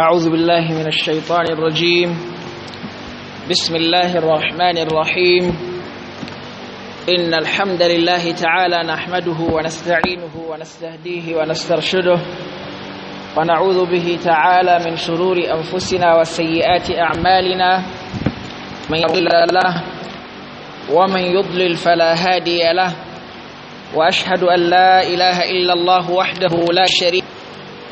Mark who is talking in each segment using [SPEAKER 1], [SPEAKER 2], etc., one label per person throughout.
[SPEAKER 1] أعوذ بالله من الشيطان الرجيم بسم الله الرحمن الرحيم إن الحمد لله تعالى نحمده ونستعينه ونستهديه ونسترشده ونعوذ به تعالى من شرور أنفسنا وسيئات أعمالنا من يضلل له ومن يضلل فلا هادي له وأشهد أن لا إله إلا الله وحده لا شريك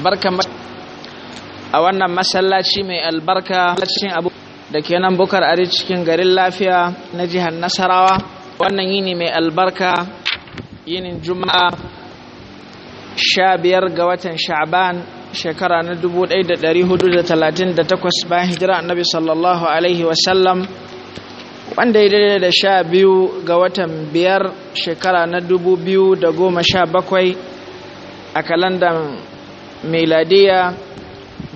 [SPEAKER 1] barka a wannan masallaci mai albarka masallacin abu da ke nan bukar ari cikin garin lafiya na jihar nasarawa wannan yini mai albarka yinin juma'a sha biyar ga watan sha'ban shekara na 1438 bayan hijira annabi sallallahu alaihi wasallam wanda ya daidai da sha biyu ga watan biyar shekara na dubu biyu da goma sha bakwai a kalandar miladiya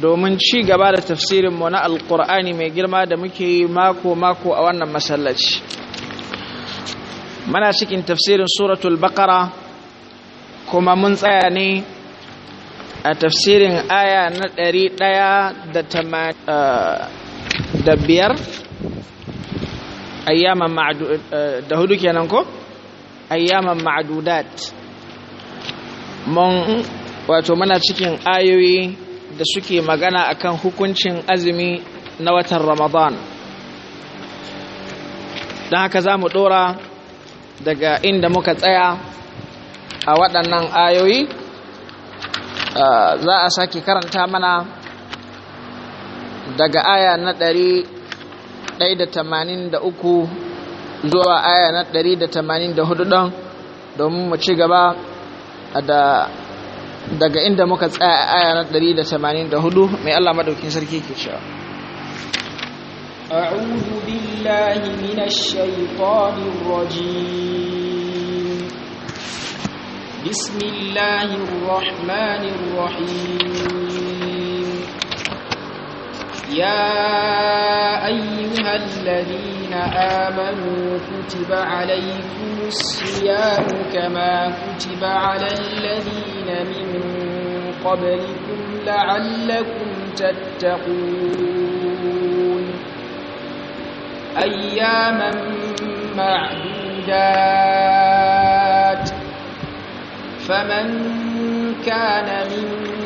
[SPEAKER 1] domin ci gaba da tafsirinmu na alkur'ani mai girma da muke yi mako-mako a wannan masallaci muna cikin tafsirin suratul bakara kuma mun tsaya ne a tafsirin aya na ɗari ɗaya da eh, biyar ayyaman eh, da hudu kenan ko ayyaman ma'adudat mun wato muna cikin ayoyi da suke magana akan hukuncin azumi na watan ramadan don haka za mu dora daga inda muka tsaya a waɗannan ayoyi za a sake karanta mana daga aya na ɗari zuwa aya na ɗari don domin mu ci gaba da daga inda muka tsaya a aya na 184 mai Allah madaukin sarki ke cewa
[SPEAKER 2] a'udhu billahi minash shaitanir rajim bismillahir rahmanir rahim يا أيها الذين آمنوا كتب عليكم الصيام كما كتب على الذين من قبلكم لعلكم تتقون أياما معدودات فمن كان منكم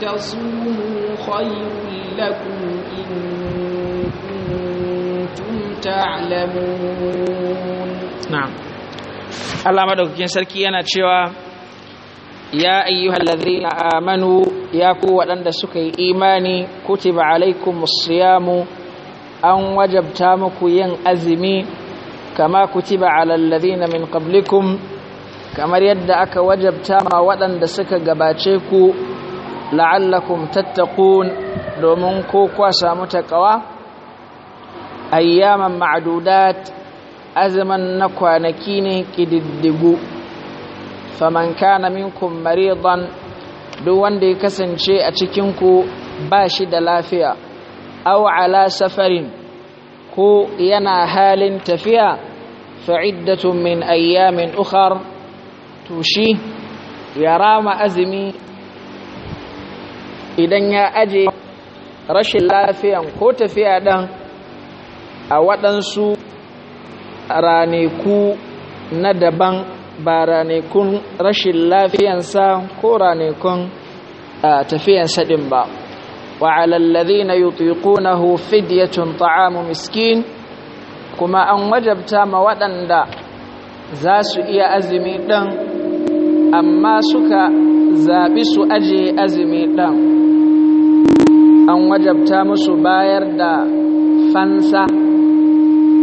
[SPEAKER 2] تصوموا خير لكم إن كنتم تعلمون
[SPEAKER 1] نعم الله ما دوك كين سركي انا تشيوا يا ايها الذين امنوا يا كو ودان da suka yi imani kutiba alaykum siya mu an wajabta muku yin azumi kama kutiba ala alladhina min qablikum kamar yadda aka wajabta ma waɗanda suka gabace ku la'allakum tattaqun domin ko kwa samu taqwa ayyaman ma'dudat azaman na kwanaki ne kididdigu faman kana minkum maridan duk wanda ya kasance a cikin ku ba shi da lafiya aw ala safarin ko yana halin tafiya fa'iddatun min ayyamin ukhar to shi ya rama azumi idan ya aje rashin lafiyan ko tafiya ɗan a waɗansu raneku na daban ba ranekun rashin lafiyansa ko ranekun tafiyansa ɗin ba wa alallazi na yutuku na hufid ya tuntu'amu miskin kuma an wajabta ma waɗanda za su iya azumi ɗan amma suka zaɓi su aje azumi ɗan an wajabta musu bayar da fansa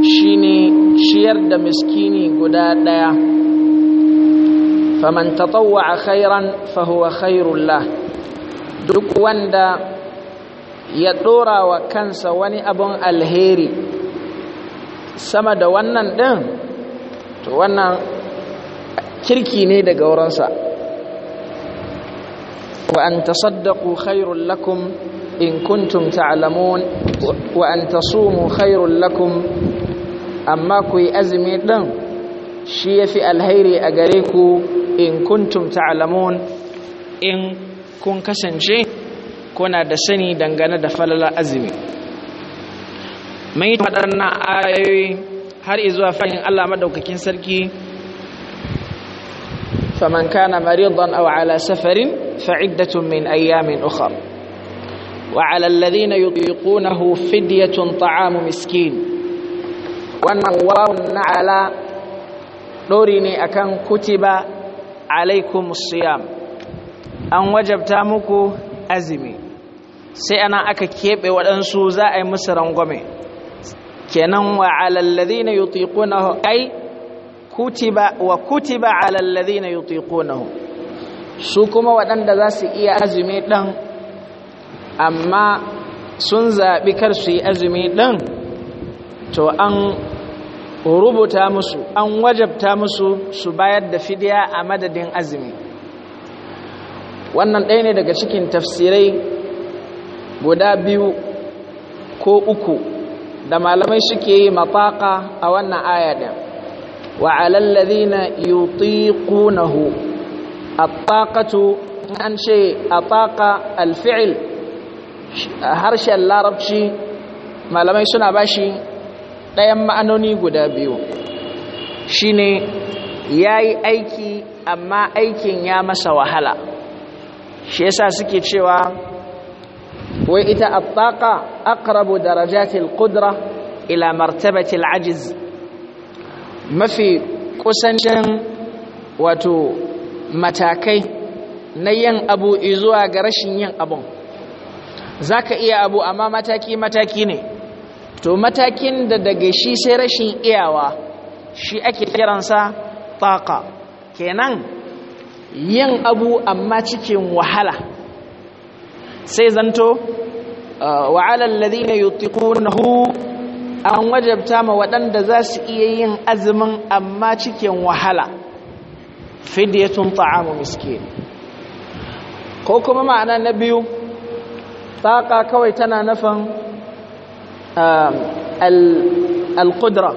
[SPEAKER 1] shine ciyar da miskini guda ɗaya faman a khairan fahuwa khairullah duk wanda ya ɗora wa kansa wani abun alheri sama da wannan ɗin to wannan kirki ne daga wurinsa wa an tasaddaku khairullakum lakum in kuntum ta'lamun wa an tasumu khairul lakum amma kuyi azumi din shi yafi alheri a gare ku in kuntum ta'lamun in kun kasance kuna da sani dangane da falala azumi mai tadanna ayoyi har izuwa fahin Allah madaukakin sarki فمن كان مريضا أو على سفر فعدة من أيام أخرى وعلى الذين يطيقونه فدية طعام مسكين wannan wawun na ala ɗori ne akan kutiba alaikum siyam an wajabta muku azumi sai ana aka keɓe waɗansu za a yi musu rangwame kenan wa alallazina yutiqunahu ai kutiba wa kutiba alallazina yutiqunahu su kuma waɗanda za su iya azumi ɗan amma sun zaɓi kar su yi azumi ɗin to an rubuta musu an wajabta musu su bayar da fidiya a madadin azumi wannan ɗaya ne daga cikin tafsirai guda biyu ko uku da malamai suke yi mafaka a wannan ayyadin wa alallazina yutiqunahu A taqatu an ce a al alfi'il harshen larabci malamai suna bashi ɗayan ma'anoni guda biyu shine ya yi aiki amma aikin ya masa wahala shi yasa suke cewa wai ita attaka akrabu darajatil qudra ila martabatil ajiz mafi kusancin wato matakai na yin abu zuwa ga rashin yin abun za ka iya abu amma mataki-mataki ne to matakin da daga shi sai rashin iyawa shi ake kiransa taƙa kenan yin abu amma cikin wahala sai zanto ah, wa'alar ladina yutiqunahu an wajabta ma waɗanda za su iya yin azumin amma cikin wahala fidyatun ta'amu miskin ko kuma ma'ana na biyu Saƙa kawai tana nufin um, al-qudra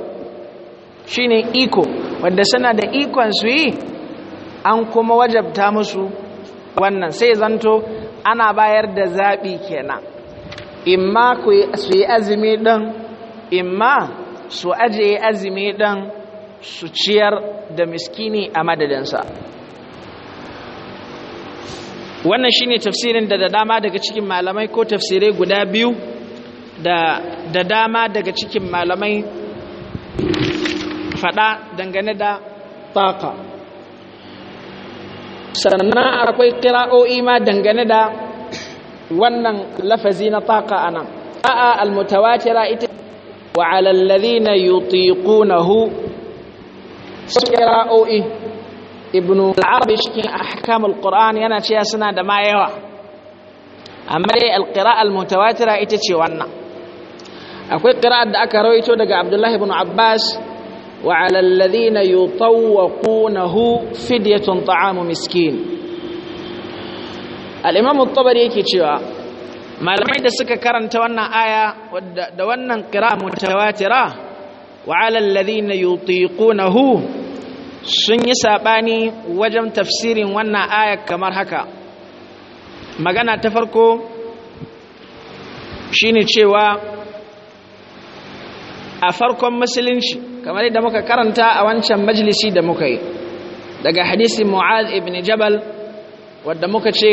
[SPEAKER 1] shine iko wanda suna da ikon su yi an kuma wajabta musu wannan sai zanto ana bayar da zaɓi kenan imma su yi azumi ɗin imma su ajiye azumi ɗin su ciyar da miskini a madadinsa wannan shine tafsirin da da dama daga cikin malamai ko tafsirai guda biyu da da dama daga cikin malamai fada dangane da taqa sannan akwai qira'o'i ma dangane da wannan lafazi na taqa anan a'a almutawatira ita wa 'ala alladhina yutiqunahu qira'o'i ibn al-arabi cikin ahkamul qur'an yana cewa suna da ma yawa amma dai al-qira'a al-mutawatira ita ce wannan akwai qira'ar da aka rawaito daga abdullahi ibn abbas wa 'ala alladhina yutawwaqunahu fidyatun ta'amu miskin al-imam at-tabari yake cewa malamai da suka karanta wannan aya da wannan qira'a mutawatira wa 'ala alladhina yutiqunahu sun yi saɓani wajen tafsirin wannan aya kamar haka magana ta farko shine cewa a farkon musulunci kamar yadda muka karanta a wancan majalisi da muka yi daga hadisi mu'az ibn jabal wadda muka ce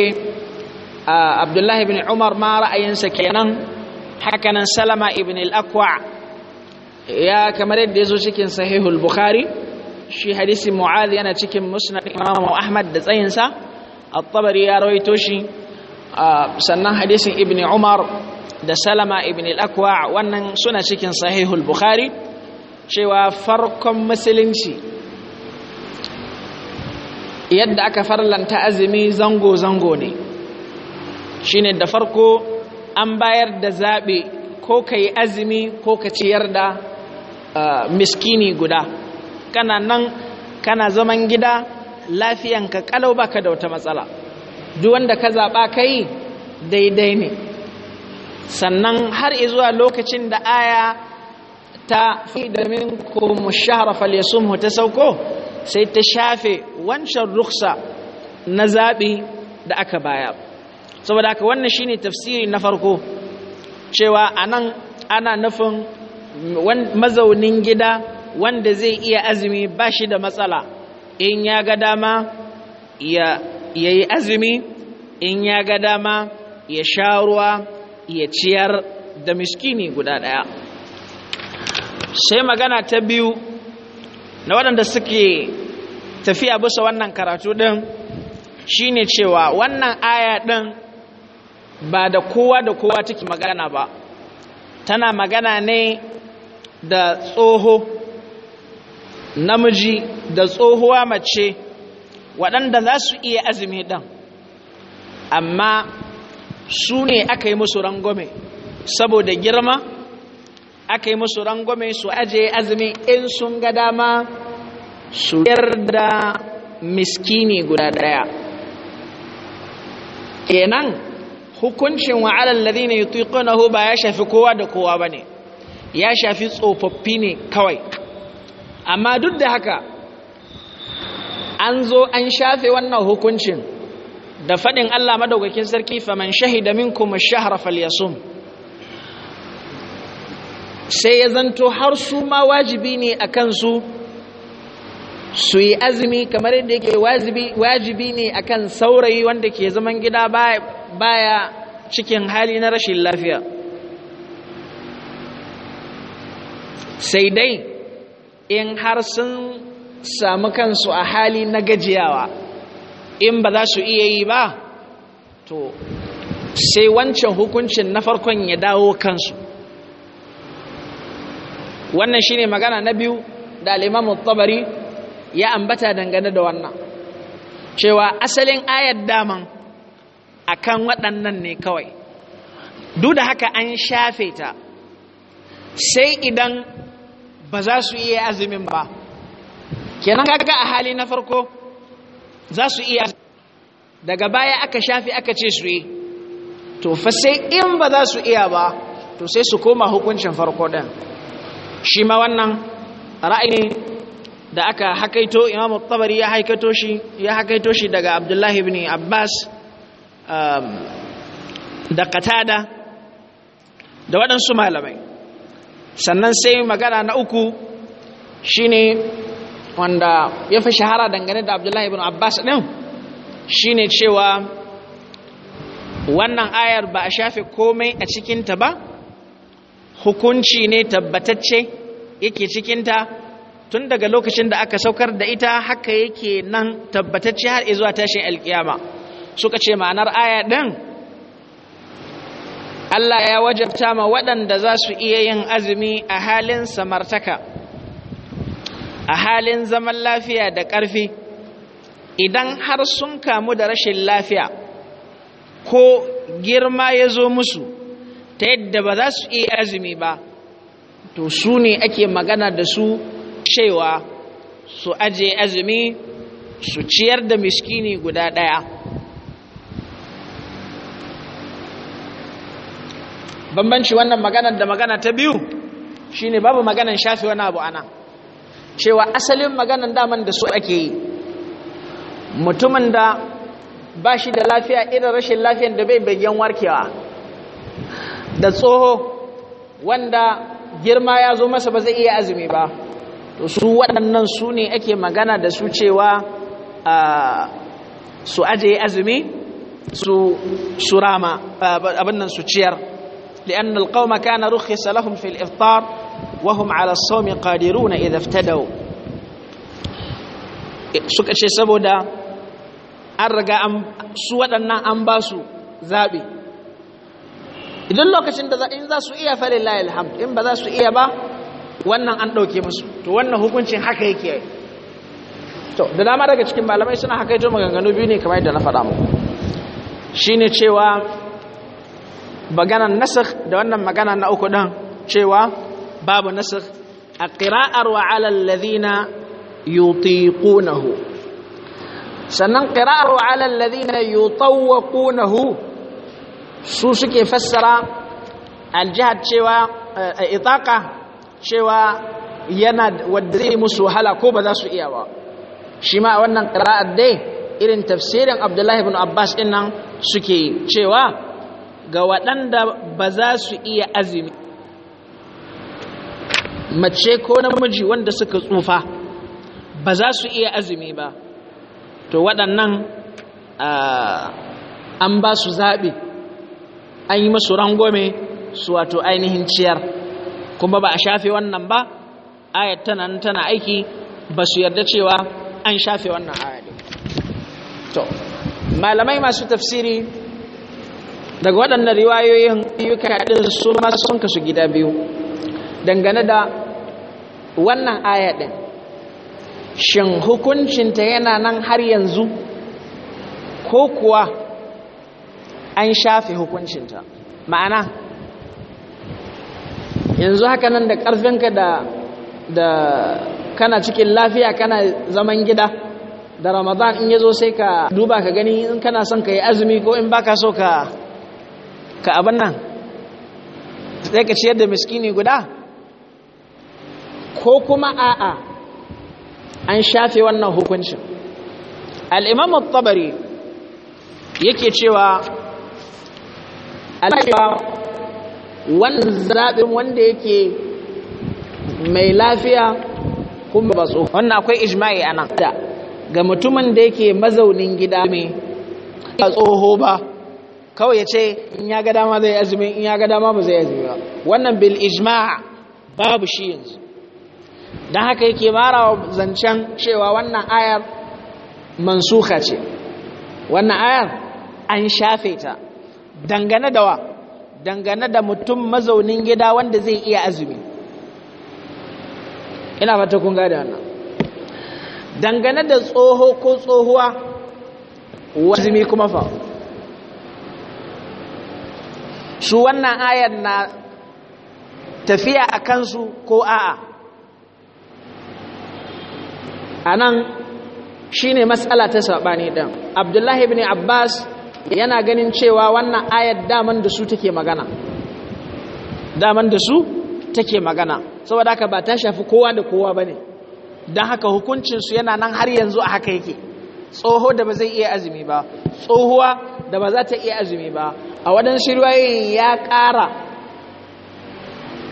[SPEAKER 1] abdullahi ibn umar ma ra'ayinsa kenan hakanan salama ibn al-akwa ya kamar yadda ya zo cikin sahihul bukhari shi hadisi mu'adh yana cikin musnad imamu ahmad da tsayinsa at-tabari ya rawaito shi sannan hadisin ibni umar da salama ibni al aqwa wannan suna cikin sahihul bukhari cewa farkon musulunci yadda aka farlanta azumi zango zango ne shine da farko an bayar da zaɓe ko ka azumi ko ka ciyar da miskini guda kana nan kana zaman gida lafiyanka kalau baka da wata matsala duk wanda ka zaɓa kai daidai ne sannan har izuwa lokacin da aya ta fi da minkum shahra falyasumhu ta sauko sai ta shafe wancan ruksa na zaɓi da aka baya saboda haka wannan shine tafsiri na farko cewa anan ana nufin mazaunin gida wanda zai iya azumi ba shi da matsala in ya ga dama ya yi azumi in ya ga dama ya sha ruwa ya ciyar da miskini guda ɗaya sai magana ta biyu na waɗanda suke tafiya bisa wannan karatu ɗin shine cewa wannan aya ɗin ba da kowa da kowa take magana ba tana magana ne da tsoho namiji da tsohuwa mace waɗanda za su iya azumi ɗan amma su ne aka yi musu rangwame saboda girma aka yi musu rangwame su aje azumi in sun ga dama su yarda miskini guda ɗaya kenan hukuncin wa'alar ladina yi tuƙonahu ba ya shafi kowa da kowa ba ne ya shafi tsofaffi ne kawai amma duk da haka an zo an shafe wannan hukuncin da faɗin Allah madaukakin sarki faman shahida minkum ash shahr falyasum sai ya zanto har su ma wajibi ne akan su su yi azumi kamar yadda yake wajibi ne akan saurayi wanda ke zaman gida baya cikin hali na rashin lafiya sai dai in har sun samu kansu a hali na gajiyawa in ba za su iya yi ba to sai wancan hukuncin na farkon ya dawo kansu wannan shine magana na biyu da alimamu tabari ya ambata dangane da wannan cewa asalin ayar daman akan waɗannan ne kawai duk da haka an shafe ta sai idan ba za su iya azumin ba kenan kaga a hali na farko za su iya daga baya aka shafi aka ce su yi to fa sai in ba za su iya ba to sai su koma hukuncin farko ɗin shi ma wannan ra'ayi da aka hakaito imam tabari ya hakaito shi ya hakaito shi daga abdullahi ibn abbas um, da qatada da waɗansu malamai sannan sai magana na uku shine wanda ya fi shahara dangane da abdullahi ibn abbas ɗin shine cewa wannan ayar ba a shafe komai a cikinta ba hukunci ne tabbatacce yake cikinta tun daga lokacin da aka saukar da ita haka yake nan tabbatacce har zuwa tashin alkiyama suka ce ma'anar ayar ɗin Allah ya wajabta ma waɗanda za su iya yin azumi a halin samartaka a halin zaman lafiya da ƙarfi idan har sun kamu da rashin lafiya ko girma ya zo musu ta yadda ba za su iya azumi ba to su ne ake magana da su cewa su aje azumi su ciyar da miskini guda ɗaya bambanci wannan maganar da magana ta biyu shine babu maganar shafi wani abu ana cewa asalin maganar daman da su ake yi mutumin da ba shi da lafiya irin rashin lafiyan da bai bayan warkewa da tsoho wanda girma ya zo masa ba zai iya azumi ba to su waɗannan su ne ake magana da su cewa su ajiye azumi su rama abin nan su ciyar لأن القوم كان رخص لهم في الإفطار وهم على الصوم قادرون إذا افتدوا suka ce saboda an riga su waɗannan an ba su zaɓe idan lokacin da in za su iya falin layil hamd in ba za su iya ba wannan an ɗauke musu to wannan hukuncin haka yake to da dama daga cikin malamai suna haka yato maganganu biyu ne kamar yadda na faɗa muku shi ne cewa maganan nasakh da wannan magana na uku ɗan cewa babu nasakh a ƙira'ar wa alallazina yutiqunahu sannan ƙira'ar wa alallazina yutawwaqunahu su suke fassara aljihad cewa eh, itaqa cewa yana wadda zai musu wahala ko ba za su iya ba shi ma wannan ƙira'ar dai irin tafsirin abdullahi ibn abbas ɗin nan suke cewa ga waɗanda ba za su iya azumi mace ko namiji wanda suka tsufa ba za su iya azumi ba to waɗannan an ba su zaɓe an yi masu rangome su wato ainihin ciyar kuma ba a shafe wannan ba ayat tana tana aiki ba su yarda cewa an shafe wannan ayat to malamai masu tafsiri daga waɗannan riwayoyin yuka ɗin su masu sun kasu gida biyu dangane da wannan aya ɗin shin hukuncinta yana nan har yanzu ko kuwa an shafe hukuncinta ma'ana yanzu haka nan da ƙarfinka da da kana cikin lafiya kana zaman gida da ramadan in ya zo sai ka duba ka gani in kana son ka yi azumi ko in baka so ka ka abin nan sai ka ciyar da miskini guda ko kuma a'a an shafe wannan hukuncin al'imam al-tabari yake cewa wannan zaɓin wanda yake mai lafiya kuma ba tsoho wannan akwai ijma'i a nan ga mutumin da yake mazaunin gida mai ba tsoho ba kawai ya ce in ya ga dama zai azumi in ya ga dama ba zai azumi ba wannan bil ijma' babu shi yanzu don haka yake mara wa zancen cewa wannan ayar mansuha ce wannan ayar an shafe ta dangane da wa dangane da mutum mazaunin gida wanda zai iya azumi ina fata kun gada wannan dangane da tsoho ko tsohuwa azumi kuma fa su wannan ayan na tafiya a kansu ko a'a a nan shi ne matsala ta saɓani ɗan abdullahi ibn abbas yana ganin cewa wannan ayar daman da su take magana daman da su take magana saboda haka ba ta shafi kowa da kowa ba ne don haka hukuncinsu yana nan har yanzu a haka yake tsoho da ba zai iya azumi ba tsohuwa da ba za ta iya azumi ba a waɗansu ruwayoyin ya ƙara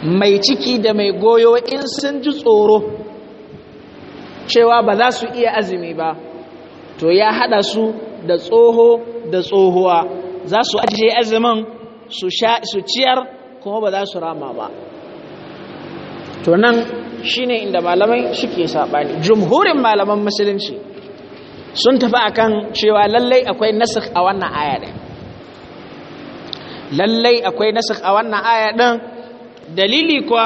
[SPEAKER 1] mai ciki da mai goyo in sun ji tsoro cewa ba za su iya azumi ba to ya haɗa su da tsoho da tsohuwa za su ajiye azumin su ciyar kuma ba za su rama ba to nan shine inda malamai suke saɓani jumhurin malaman musulunci sun tafi akan cewa lallai akwai nasakh a wannan aya lallai akwai nasakh a wannan aya ɗin dalili kuwa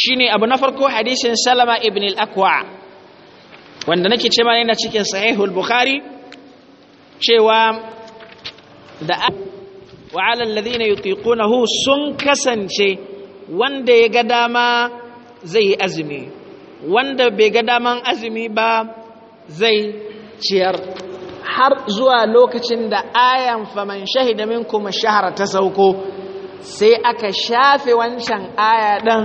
[SPEAKER 1] shine abu na farko hadisin Salama ibn al-Akwa wanda nake ce mana yana cikin sahihul Bukhari cewa da wa alladhina yutiqunahu sun kasance wanda ya ga dama zai yi azumi wanda bai ga daman azumi ba zai ciyar har zuwa lokacin da ayan faman shahida kuma shahara ta sauko sai aka shafe wancan aya ɗan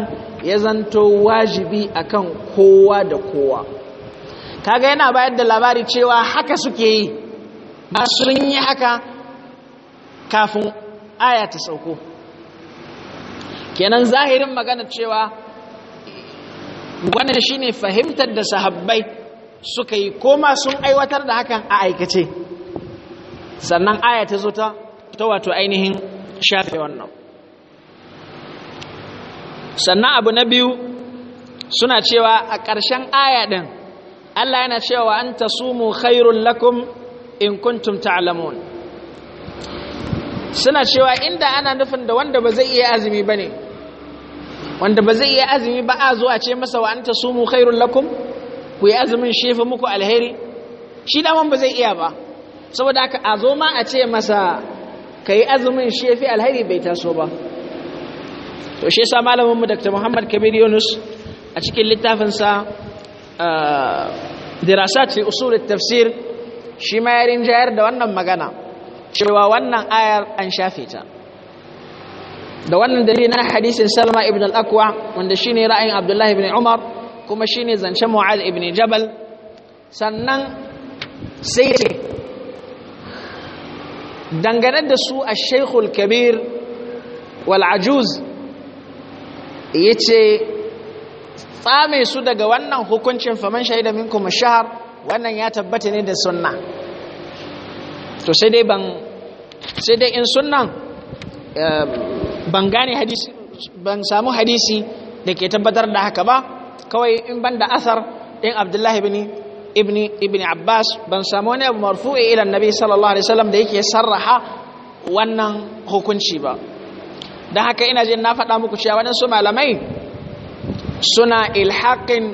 [SPEAKER 1] ya zanto wajibi akan kowa da kowa kaga yana bayar da labari cewa haka suke yi ba sun yi haka kafin aya ta sauko kenan zahirin magana cewa wannan shine fahimtar da sahabbai suka yi koma sun aiwatar da hakan a aikace sannan aya ta zo ta wato ainihin shafe wannan sannan abu na biyu suna cewa a ƙarshen aya ɗin Allah yana cewa an ta sumu khairun lakum in kuntum ta'lamun suna cewa inda ana nufin da wanda ba zai iya azumi ba ne wanda ba zai iya azumi ba a zo a ce masa wa an ta sumu khairun lakum ku yi azumin shefa muku alheri shi daman ba zai iya ba saboda haka a zo ma a ce masa ka yi azumin shefi alheri bai taso ba to shi yasa mu Dr. Muhammad Kabir Yunus a cikin littafin sa ah, dirasat usul tafsir shi ma ya rinjayar da wannan magana cewa wannan ayar an shafe ta da wannan dalilin na hadisin Salma ibn al-Aqwa wanda shine ra'ayin Abdullah ibn Umar kuma shine zancen mu'ad ibn jabal sannan sai ce dangane da su a shaikhul kabir wal'ajuz ya ce tsame su daga wannan hukuncin faman shaida minkum shahar wannan ya tabbata ne da sunna to sai dai ban sai dai in sunnan eh, ban gane hadisi ban samu hadisi da ke tabbatar da haka ba kawai in ban da asar ɗin abdullahi ibn abbas ban samu wani abu marfu'i ila annabi sallallahu alaihi wasallam da yake sarraha wannan hukunci ba don haka ina jin na faɗa muku cewa waɗansu malamai suna ilhaƙin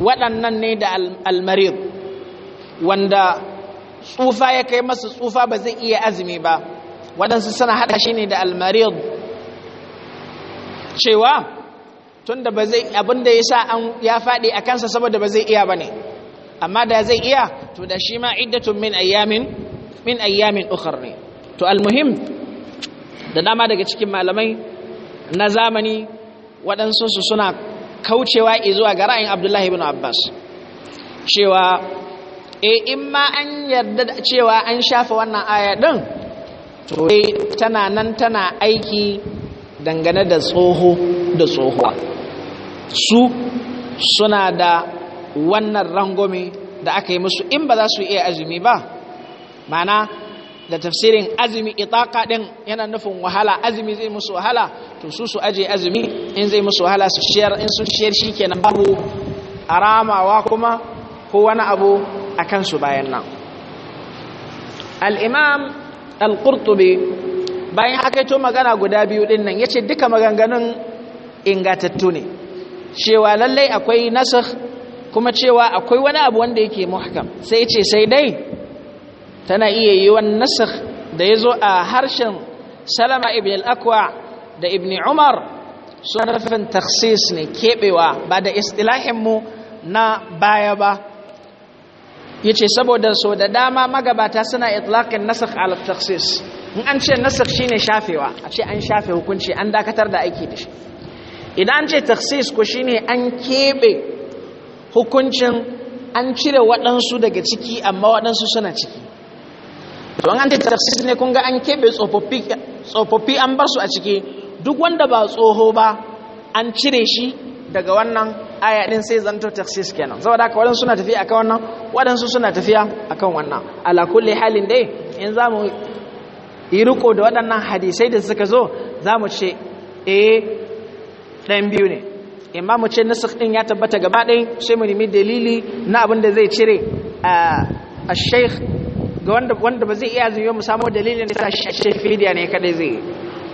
[SPEAKER 1] waɗannan ne da almarid wanda tsufa ya kai masa tsufa ba zai iya azumi ba waɗansu suna haɗa shi ne da almarid cewa tunda ba zai abinda ya sa an ya faɗi a kansa saboda ba zai iya ba ne amma da zai iya to da shi ma iddatun min ayyamin min ayyamin ukhar ne to almuhim da dama daga cikin malamai na zamani waɗansu su suna kaucewa zuwa ga ra'ayin abdullahi ibn abbas cewa e in ma an yarda cewa an shafa wannan aya din to tana nan tana aiki dangane da tsoho da tsohuwa su suna da wannan rangomi da aka yi musu in ba za su iya azumi ba mana da tafsirin azumi itaka din yana nufin wahala azumi zai musu wahala to su su aje azumi in zai musu wahala su shiyar in su shiyar shi kenan babu aramawa kuma ko wani abu a kansu bayan nan al'imam al-qurtubi bayan haka magana guda biyu din nan ya ce duka maganganun ingatattu ne cewa lallai akwai nasakh kuma cewa akwai wani abu wanda yake muhkam sai ce sai dai tana iya yi wani nasakh da ya zo a harshen salama ibn al-akwa da ibn umar suna nufin taksis ne keɓewa ba da mu na baya ba ya ce saboda so da dama magabata suna itlaƙin nasakh al taksis in an ce nasakh shine shafewa a ce an shafe hukunci an dakatar da aiki da shi idan ce taksis ko shine an keɓe hukuncin an cire waɗansu daga ciki amma waɗansu suna ciki to an ce taksis ne kun ga an keɓe tsofaffi an bar su a ciki duk wanda ba tsoho ba an cire shi daga wannan aya din sai zanto taksis kenan saboda haka waɗansu suna tafiya akan wannan waɗansu suna tafiya akan wannan ala kulli halin dai in za mu yi riko da waɗannan hadisai da suka zo za mu ce eh Ɗan biyu ne imma mu ce nasakh din ya tabbata gaba ɗaya sai mu nemi dalili na abin da zai cire ah, a sheikh ga wanda wanda ba zai iya zuwa mu samu dalilin da sa sheikh fidiya ne kadai zai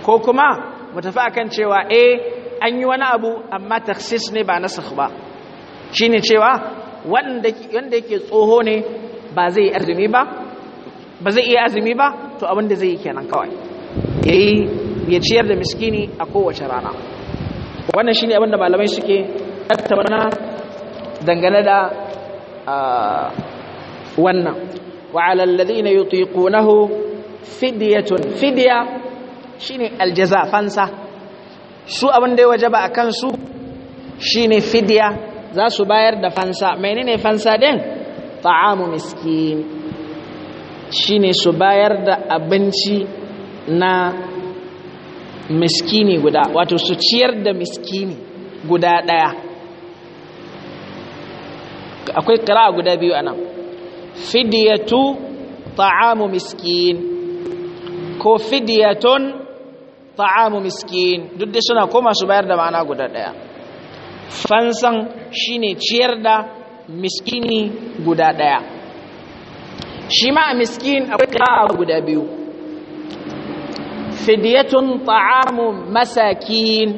[SPEAKER 1] ko kuma mu tafi akan cewa eh an yi wani abu amma takhsis ne ba nasakh ba shine cewa wanda wanda yake tsoho ne ba zai azumi ba ba zai iya azumi ba to abin da zai yi kenan kawai yayi ya ciyar da miskini a kowace rana wannan shine abinda malamai suke tattauna dangane da wannan wa ala alladhina fidiyatun? fidyatun shi ne aljaza fansa su abinda ya wajaba akan su ne fidya za su bayar da fansa menene fansa din ta'amu miskin ne su bayar da abinci na miskini guda wato su ciyar da miskini guda ɗaya akwai kira guda biyu anan fidiyatu ta'amu miskin ko fidiyatun ta'amu miskin duk da suna koma su bayar da ma'ana guda ɗaya fansan shine ciyar da miskini guda ɗaya shi ma miskin akwai kira guda biyu Fidiyatun ta'amu masakin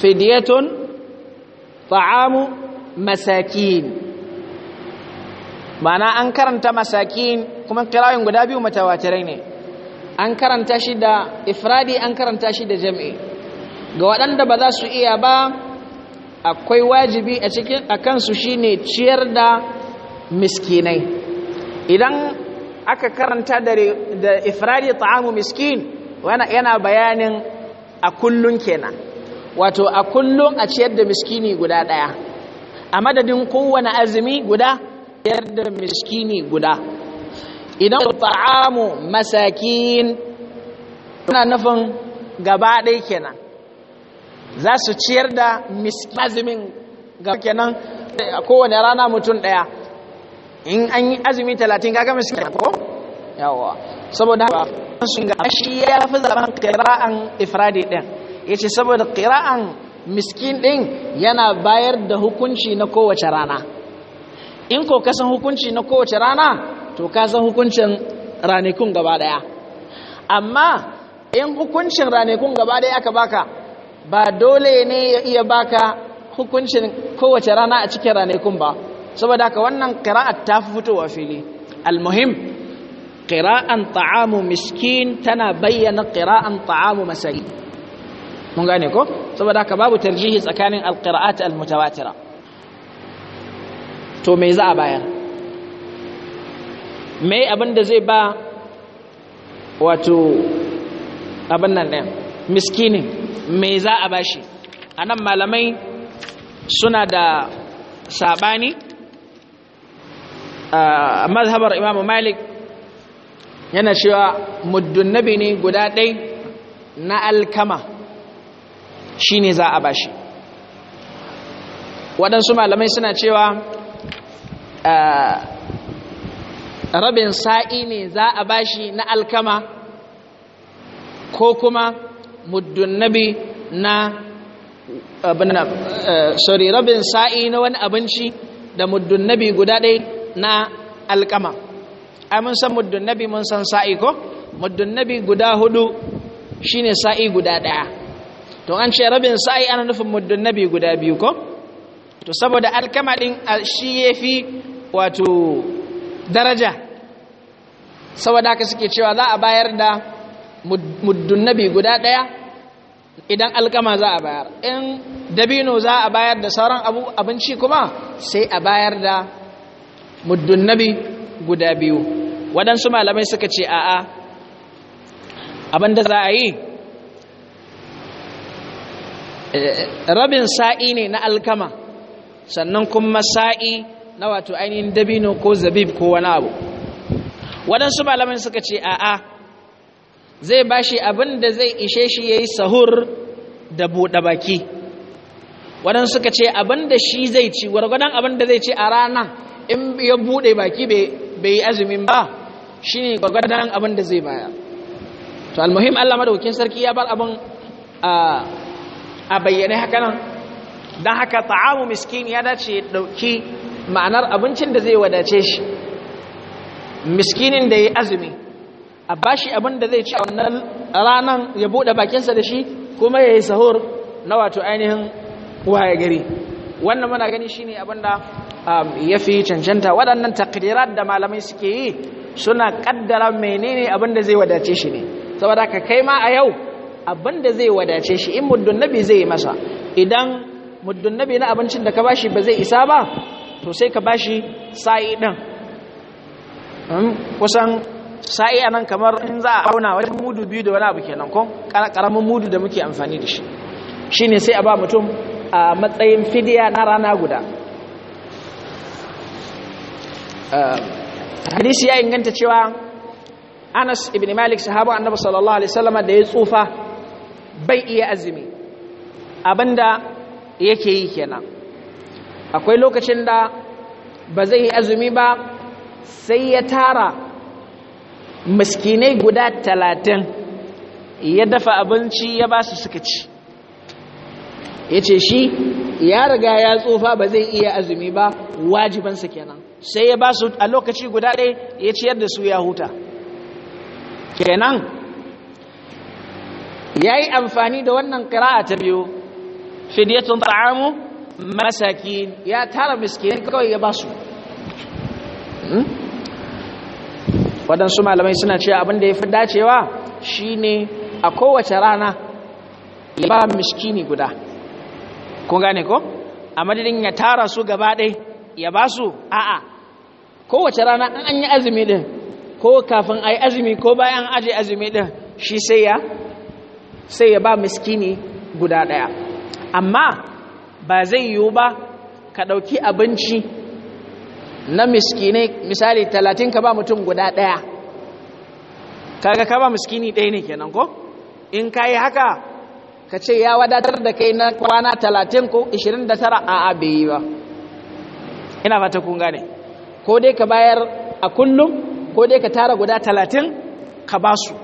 [SPEAKER 1] fidiyatun ta'amu masakin ma'ana an karanta masakin kuma kirayen guda biyu matawatirai ne an karanta shi da ifradi an karanta shi da jami'i ga waɗanda ba za su iya ba akwai wajibi a cikin a kansu ne ciyar da miskinai idan aka karanta da ifradi ta'amu miskin yana bayanin a kullun kenan wato a kullun a ciyar da miskini guda ɗaya a madadin kowane azumi guda ciyar da miskini guda idan ta'amu masakin yana nufin gaba ɗaya kenan za su ciyar da azumin gaba kenan a kowane rana mutum ɗaya in an yi azumi talatin kaga miskin ko yawa saboda sun ga shi ya fi ƙira'an ifradi ɗin ya ce saboda ƙira'an miskin ɗin yana bayar da hukunci na kowace rana in ko ka san hukunci na kowace rana to ka san hukuncin ranakun gaba ɗaya amma in hukuncin ranakun gaba ɗaya aka baka ba dole ne ya iya baka hukuncin kowace rana a cikin ranakun ba saboda haka wannan ƙira'ar ta fi fitowa fili almuhim qira'an ta'amu miskin tana bayyana qira'an ta'amu masari mun gane ko saboda haka babu tarjihi tsakanin alqira'at almutawatira to me za a bayar me abinda zai ba wato abin nan ɗin Miskini. me za a bashi anan malamai suna da saɓani a mazhabar imamu malik yana cewa muddun nabi ne guda ɗai na alkama shi ne za a bashi waɗansu malamai suna cewa ah, rabin sa'i ne za a bashi na alkama ko kuma muddun nabi na eh, sorry rabin sa'i na wani abinci da muddun nabi guda ɗai na alkama ai mun san muddun nabi mun san sa'i ko muddun nabi guda hudu shine sa'i guda daya to an ce rabin sa'i ana nufin muddun nabi guda biyu ko to saboda alkama din shi yafi wato daraja saboda haka suke cewa za a bayar da muddun nabi guda daya idan alkama za a bayar in dabino za a bayar da sauran abinci kuma sai a bayar da muddun nabi guda biyu waɗansu malamai suka ce a'a abinda za a yi eh, rabin sa'i ne na alkama sannan kuma sa'i na wato ainihin dabino ko zabib ko wani abu waɗansu malamai suka ce a'a zai bashi abin da zai ishe shi ya yi sahur da buɗe baki waɗansu suka ce abin da shi zai ci gwargwadon abin da zai ci a rana in ya buɗe baki bai yi azumin ba shine gwagwadon abin da zai baya to almuhim Allah madaukin sarki ya bar abin a bayyane haka nan don haka ta'amu miskin ya dace dauki ma'anar abincin da zai wadace shi miskinin da ya azumi a bashi abin da zai ci a wannan ranan ya buɗe bakinsa da shi kuma ya yi sahur na wato ainihin waye gari wannan muna gani ne abin da um, ya fi cancanta waɗannan takdirat da malamai suke yi suna kaddara menene abin da zai wadace shi ne saboda ka kai ma a yau abin da zai wadace shi in muddun nabi zai yi masa idan muddun nabi na abincin da ka bashi ba zai isa ba to sai ka bashi sa'i din hmm? kusan sa'i anan kamar in za a auna wani mudu biyu da wani abu kenan ko karamin mudu da muke amfani da shi shine sai a ba mutum a matsayin fidiya na rana guda eh, hadisi ya inganta cewa anas ibn malik sahabo annabi sallallahu alaihi wasallam da ya tsufa bai iya azumi abinda yake yi kenan akwai lokacin da ba zai yi azumi ba sai ya tara miskinai guda talatin ya dafa abinci ya ba su suka ci yace shi ya riga ya tsufa ba zai iya azumi ba wajibansa kenan sai ya ba su a lokaci guda ɗaya ya ciyar da su ya huta kenan ya yi amfani da wannan ƙira'a ta biyu fidyatun ta'amu masaki ya tara miskinai kawai ya ba su
[SPEAKER 2] hmm?
[SPEAKER 1] waɗansu malamai suna cewa abin da ya fi dacewa shi ne a kowace rana ya ba miskini guda kun gane ko a madadin ya tara su gaba ɗaya ya ba su a'a kowace rana an yi azumi din ko kafin a azumi ko bayan aje azumi din shi sai ya sai ya ba miskini guda ɗaya amma ba zai yiwu ba ka ɗauki abinci na miskinai misali talatin ka ba mutum guda ɗaya kaga ka ba miskini ɗaya ne kenan ko in ka yi haka ka ce ya wadatar da kai na kwana talatin ko ishirin da tara a abe yi ba ina fata kun gane ko dai ka bayar a kullum ko dai ka tara guda talatin ka ba su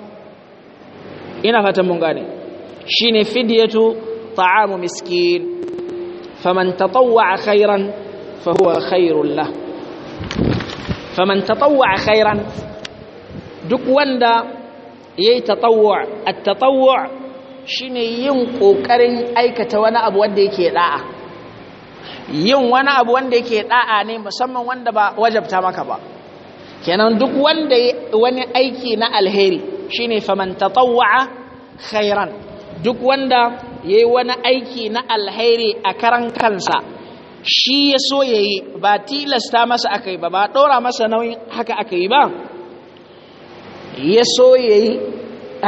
[SPEAKER 1] ina fatan mun gane shi ne fidiyatu ta'amu miskin faman tatawwa a khairan fahuwa khairun la faman tatawwa a khairan duk wanda ya yi tatawwa a tatawwa shi ne yin ƙoƙarin aikata wani abu wanda yake da'a yin wani abu wanda yake da'a ne musamman wanda ba wajabta maka ba kenan duk wanda wani aiki na alheri shine faman tatawwa'a khairan duk wanda yayi wani aiki na alheri a karan kansa shi ya so yayi ba tilasta masa akai ba ba dora masa nauyin haka akai ba ya so yayi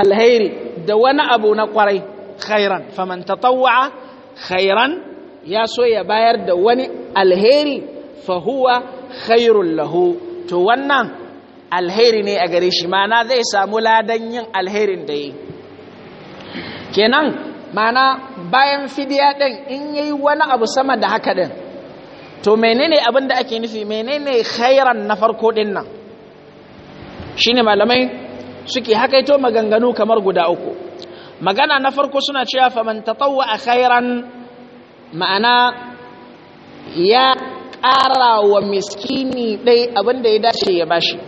[SPEAKER 1] alheri da wani abu na kwarai khairan faman tatawwa'a khairan ya so ya bayar da wani alheri fahuwa khairul lahu to wannan alheri ne a gare shi mana zai samu ladan yin alherin da yi kenan mana bayan fidiya ɗin in yayi wani abu sama da haka ɗin to menene abin da ake nufi menene khairan na farko ɗin nan shine malamai suke hakaito maganganu kamar guda uku magana na farko suna cewa faman tatawwa khairan ma'ana ya ƙara wa miskini ɗai abinda ya dace ya bashi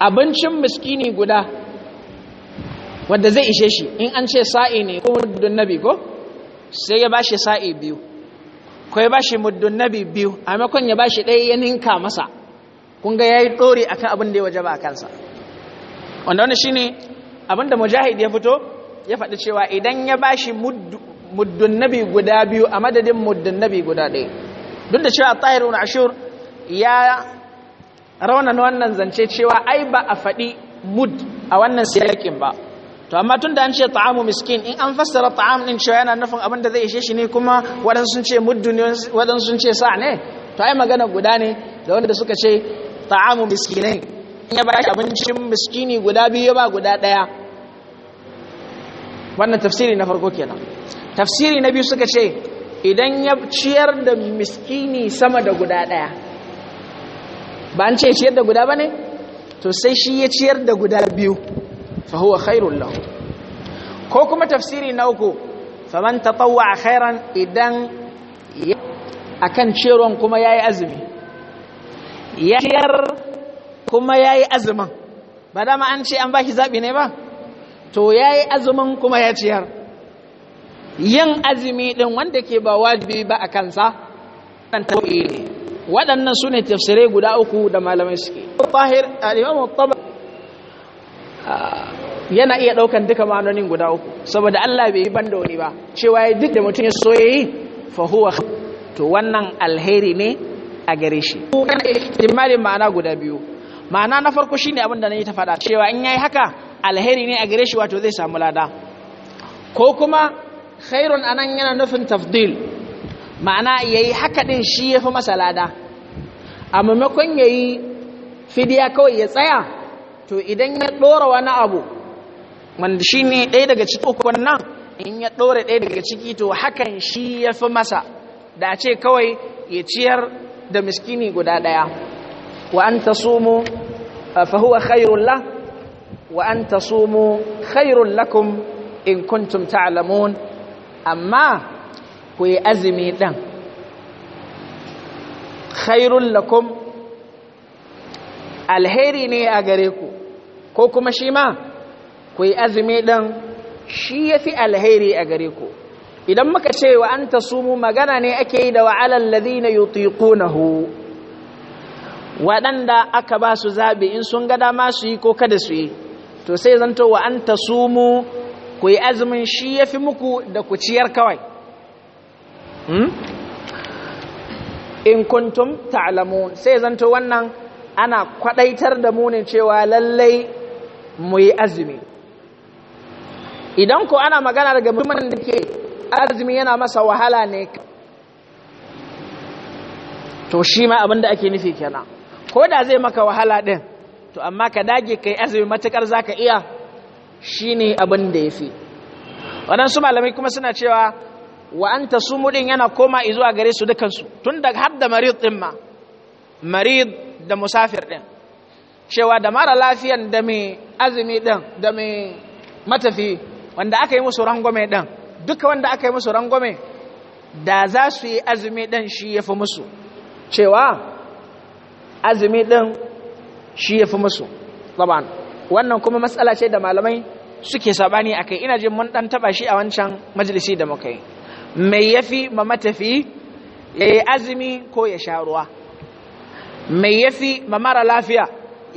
[SPEAKER 1] abincin miskini guda wadda zai ishe shi in an ce sa'i ne ko muddun nabi ko sai ya bashi sa'i biyu ko ya bashi muddun nabi biyu a makon ya bashi ɗaya ya ninka masa kunga ya yi ɗori a kan abin da ya waje ba a kansa wanda wani shi ne abin da mujahid ya fito ya faɗi cewa idan ya ba shi muddun nabi guda biyu a madadin muddun nabi guda ɗaya duk da cewa tahir wani ashur ya raunana wannan zance cewa ai ba a faɗi mud a wannan siyakin ba to amma tun da an ce ta'amu miskin in an fassara ta'am din cewa yana nufin abin da zai ishe shi ne kuma waɗansu sun ce muddu ne sun ce sa ne to ai magana guda ne da wanda suka ce ta'amu miskinai in ya ba shi abincin miskini guda biyu ya ba guda ɗaya wannan tafsiri na farko kenan tafsiri na biyu suka ce idan ya ciyar da miskini sama da guda ɗaya ba an ce ciyar da guda ba ne to sai shi ya ciyar da guda biyu fahuwa khairun lahu ko kuma tafsiri na uku faman tatawwa khairan idan akan ciyarwan kuma yayi azumi ya ciyar kuma yayi azumin ba dama an ce an ba shi zaɓi ne ba to ya yi azumin kuma ya ciyar yin azumi ɗin wanda ke ba wajibi ba a kansa waɗannan su ne tafsirai guda uku da malamai suke taba ah, yana iya ɗaukan duka ma'anonin guda uku saboda Allah bai yi ban da wani ba cewa ya duk da mutum ya so ya yi fahuwa to wannan alheri ne a gare shi ma'ana guda biyu ma'ana na farko shi abin da na yi ta faɗa cewa in yayi haka alheri ne a gare shi wato zai samu lada ko kuma khairun anan yana nufin tafdil ma'ana yayi haka din shi yafi masa lada a maimakon yayi fidiya kawai ya tsaya to idan ya dora wani abu wanda shine ɗaya daga cikin wannan in ya dora ɗaya daga ciki to hakan shi yafi masa da ce kawai ya ciyar da miskini guda ɗaya wa an tasumu fa huwa khairul wa an tasumu khairul lakum in kuntum ta'lamun amma ku yi azumi dan khairul lakum alheri ne a gare ku ko kuma shi ma ku yi azumi dan shi yafi alheri a gare ku idan muka ce wa an tasumu magana ne ake yi da wa'alan ladina hu waɗanda aka ba su zaɓi in sun ga dama su yi ko kada su yi to sai zanto wa an tasumu ku yi azumin shi ya fi muku da ku ciyar kawai hmm? in kuntum ta'lamu sai zanto wannan ana kwadaitar da mu ne cewa lallai mu yi azumi idan ko ana magana daga mutumin da ke azumi yana masa wahala ne to shi ma abin ake nufi kenan ko da zai maka wahala din to amma ka dage kai azumi matukar zaka iya shine abin da yafi waɗansu malamai kuma suna cewa wa anta sumu yana koma izuwa gare su dukansu tun daga har da marid din ma marid da musafir din cewa da mara lafiyan da mai azumi din da mai matafi wanda aka yi musu rangwame din duka wanda aka yi musu rangwame da za su yi azumi din shi yafi musu cewa azumi din. shi ya fi musu tsaban wannan kuma matsala ce da malamai suke sabani a kai ina jin mun ɗan taɓa shi a wancan majalisi da muka yi mai ya fi ma matafi ya yi azumi ko ya sha ruwa mai ya fi ma mara lafiya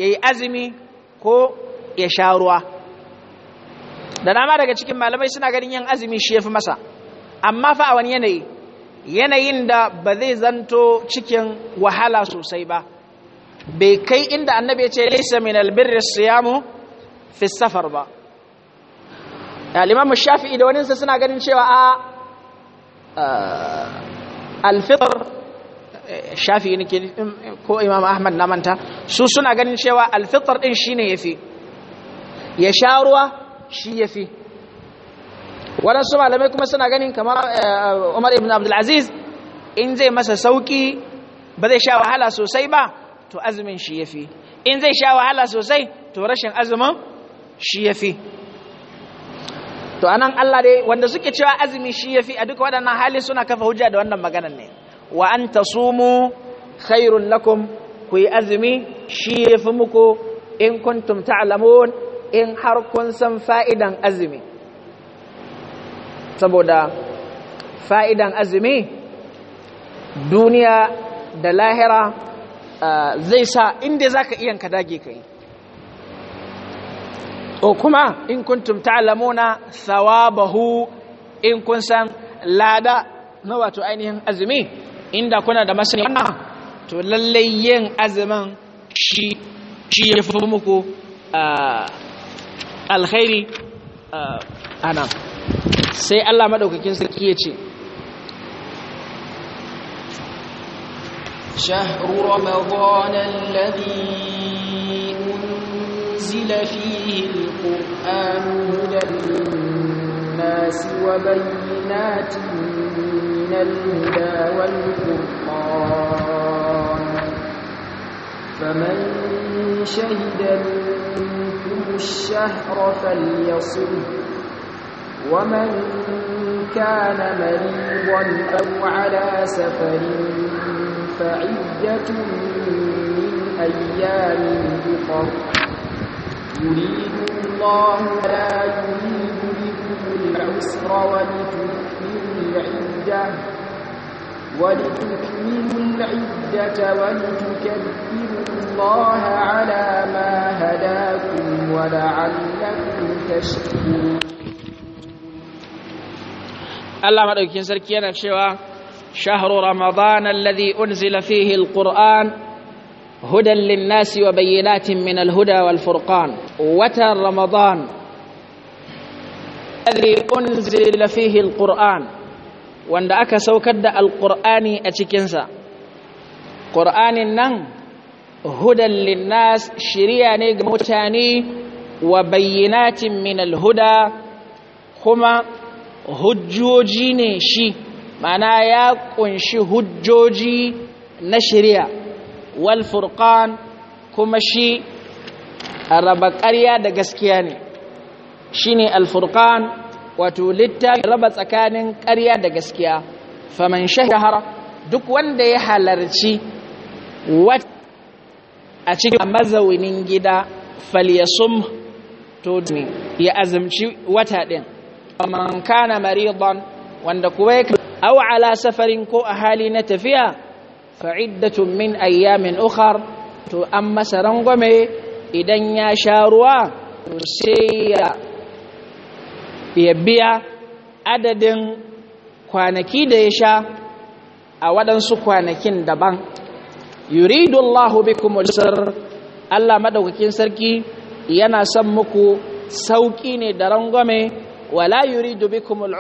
[SPEAKER 1] ya yi azumi ko ya sha ruwa da dama daga cikin malamai suna ganin yin azumi shi ya fi masa amma fa a wani yanayi yanayin da ba zai zanto cikin wahala sosai ba bai kai inda annabi ya ce laysa min albirri siyamu fi safar ba al-imam shafi'i da waninsa suna ganin cewa a al-fitr eh, shafi'i ne ko imam ahmad na manta su suna ganin cewa al-fitr din shine yafi ya sha ruwa shi ya fi. waɗansu malamai kuma suna ganin kamar eh, umar ibn abdulaziz in zai masa sauƙi ba zai sha wahala sosai ba to azumin shi ya fi in zai sha wahala sosai to rashin azumin shi ya fi to anan Allah dai wanda suke cewa azumi shi ya fi a duka waɗannan hali suna kafa hujja da wannan maganan ne wa an tasumu khairun lakum ku yi azumi shi ya fi muku in kuntum ta'lamun in har kun san fa'idan azumi saboda fa'idan azumi duniya da lahira Eh, zai sa inda za ka iyanka dage ka yi o kuma in kuntum ta'lamuna sawabahu in kun san lada na wato ainihin azumi inda kuna da masani wannan to lallai yin azumin shi shi ya fi muku eh, alkhairi eh, nan sai Allah madaukakin sarki ya ce
[SPEAKER 2] شهر رمضان الذي أنزل فيه القرآن هدى للناس وبينات من الهدى والقرآن فمن شهد منكم الشهر فليصم ومن كان مريضا أو على سفر فعية من أيام أخر يريد الله لا يريد بكم العسر ولتكملوا العدة ولتكملوا العدة ولتكبروا الله على ما هداكم ولعلكم تشكرون
[SPEAKER 1] Allah maɗaukin sarki yana cewa شهر رمضان الذي انزل فيه القران هدى للناس وبينات من الهدى والفرقان وتر رمضان الذي انزل فيه القران وند اكا سوكد القران اتشكنسا قران نن هدى للناس شريعه نغمتاني وبينات من الهدى هما هجوجيني شي ma'ana ya kunshi hujjoji na shari'a wal furqan kuma shi raba ƙarya da gaskiya ne Shi al furqan wato littafi raba tsakanin ƙarya da gaskiya faman shahara duk wanda ya halarci wat a cikin mazaunin gida falyasum to ya azumci wata din faman kana maridan wanda kuwa ya aw ala safarin ko a hali na tafiya fa'iddatun min ayyamin ukhar to an masa rangwame idan ya sha ruwa to sai ya biya adadin kwanaki da ya sha a wadansu kwanakin daban yuridullahu Allahu bikum Allah madaukakin sarki yana son muku sauƙi ne da rangwame wala yuridu bikum al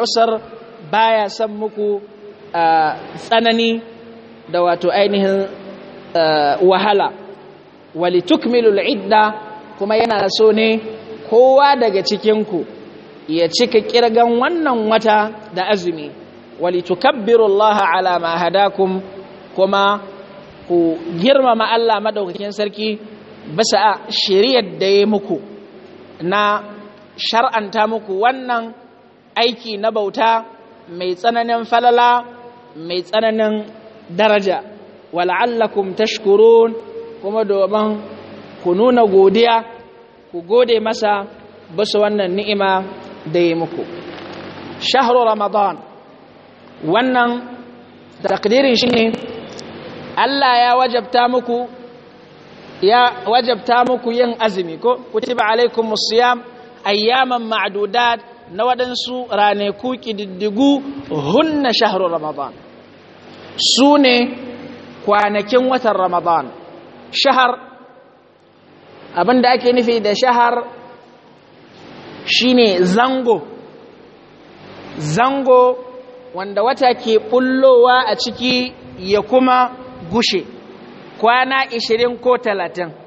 [SPEAKER 1] baya san muku tsanani da wato ainihin wahala Wali tukmilul idda kuma yana so ne kowa daga cikinku ya cika kirgan wannan wata da azumi Wali walitukabbirullaha ala ma hadakum kuma ku girmama Allah madaukakin sarki bisa shari'ar da ya muku na shar'anta muku wannan aiki na bauta mai tsananin falala mai tsananin daraja wal'allakum tashkurun kuma domin ku nuna godiya ku gode masa basu wannan ni'ima da yi muku ramadan wannan takdirin shi ne Allah ya wajabta muku ya wajabta muku yin azumi ko kutiba alaikumus siyam ayyaman ma'dudat na waɗansu ranaku ƙididdigu hunna shahar ramadan su ne kwanakin watan ramadan shahar abinda ake nufi da shahar shine zango zango wanda wata ke ɓullowa a ciki ya kuma gushe kwana 20 ko 30